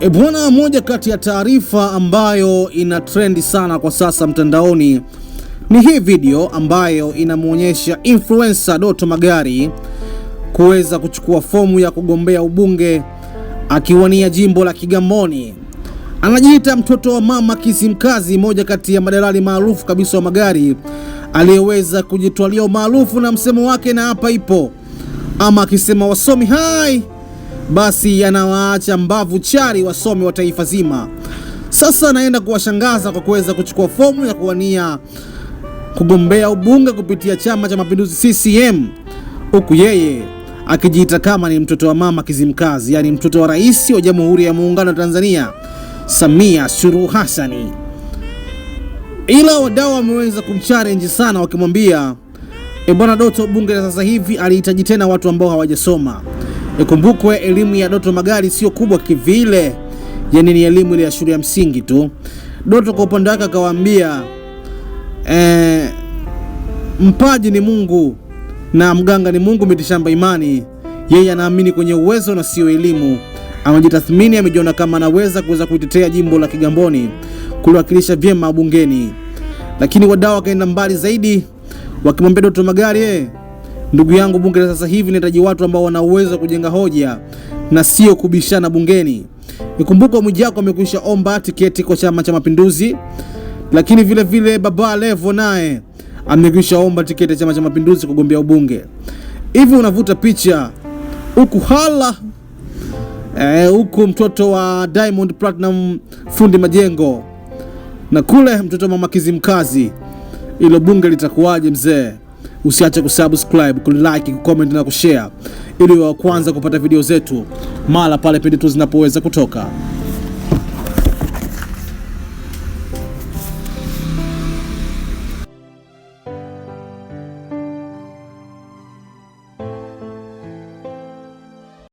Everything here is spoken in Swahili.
E bwana, moja kati ya taarifa ambayo ina trendi sana kwa sasa mtandaoni ni hii video ambayo inamwonyesha influencer Doto Magari kuweza kuchukua fomu ya kugombea ubunge akiwania jimbo la Kigamboni. Anajiita mtoto wa mama Kisimkazi, moja kati ya madalali maarufu kabisa wa magari aliyeweza kujitwalia umaarufu na msemo wake, na hapa ipo ama akisema wasomi hai basi yanawaacha mbavu chari wasomi wa taifa zima. Sasa naenda kuwashangaza kwa kuweza kuchukua fomu ya kuwania kugombea ubunge kupitia Chama cha Mapinduzi CCM, huku yeye akijiita kama ni mtoto wa mama Kizimkazi, yaani mtoto wa rais wa Jamhuri ya Muungano wa Tanzania Samia Suluhu Hassani. Ila wadau wameweza kumchallenge sana, wakimwambia e, bwana Doto, bunge la sasa hivi alihitaji tena watu ambao hawajasoma Ikumbukwe elimu ya Doto Magari sio kubwa kivile, yani ni elimu ile ya shule ya msingi tu. Doto kwa upande wake akawaambia eh, mpaji ni Mungu na mganga ni Mungu, mitishamba imani. Yeye anaamini kwenye uwezo na sio elimu. Amejitathmini, amejiona kama anaweza kuweza kuitetea jimbo la Kigamboni, kuliwakilisha vyema bungeni. Lakini wadau wakaenda mbali zaidi, wakimwambia Doto Magari eh Ndugu yangu, bunge la sasa hivi linahitaji watu ambao wana uwezo wa kujenga hoja na sio kubishana bungeni. Nikumbuka Mwijako amekwisha omba tiketi kwa Chama cha Mapinduzi, lakini vile vile Baba Levo naye amekwisha omba tiketi ya Chama cha Mapinduzi kugombea ubunge. Hivi unavuta picha huku hala eh, huku e, mtoto wa Diamond Platinum fundi majengo na kule mtoto wa mama Kizimkazi, ilo bunge litakuwaje mzee? Usiache kusubscribe, kulike, kucomment na kushare ili wa kwanza kupata video zetu mara pale pindi tu zinapoweza kutoka.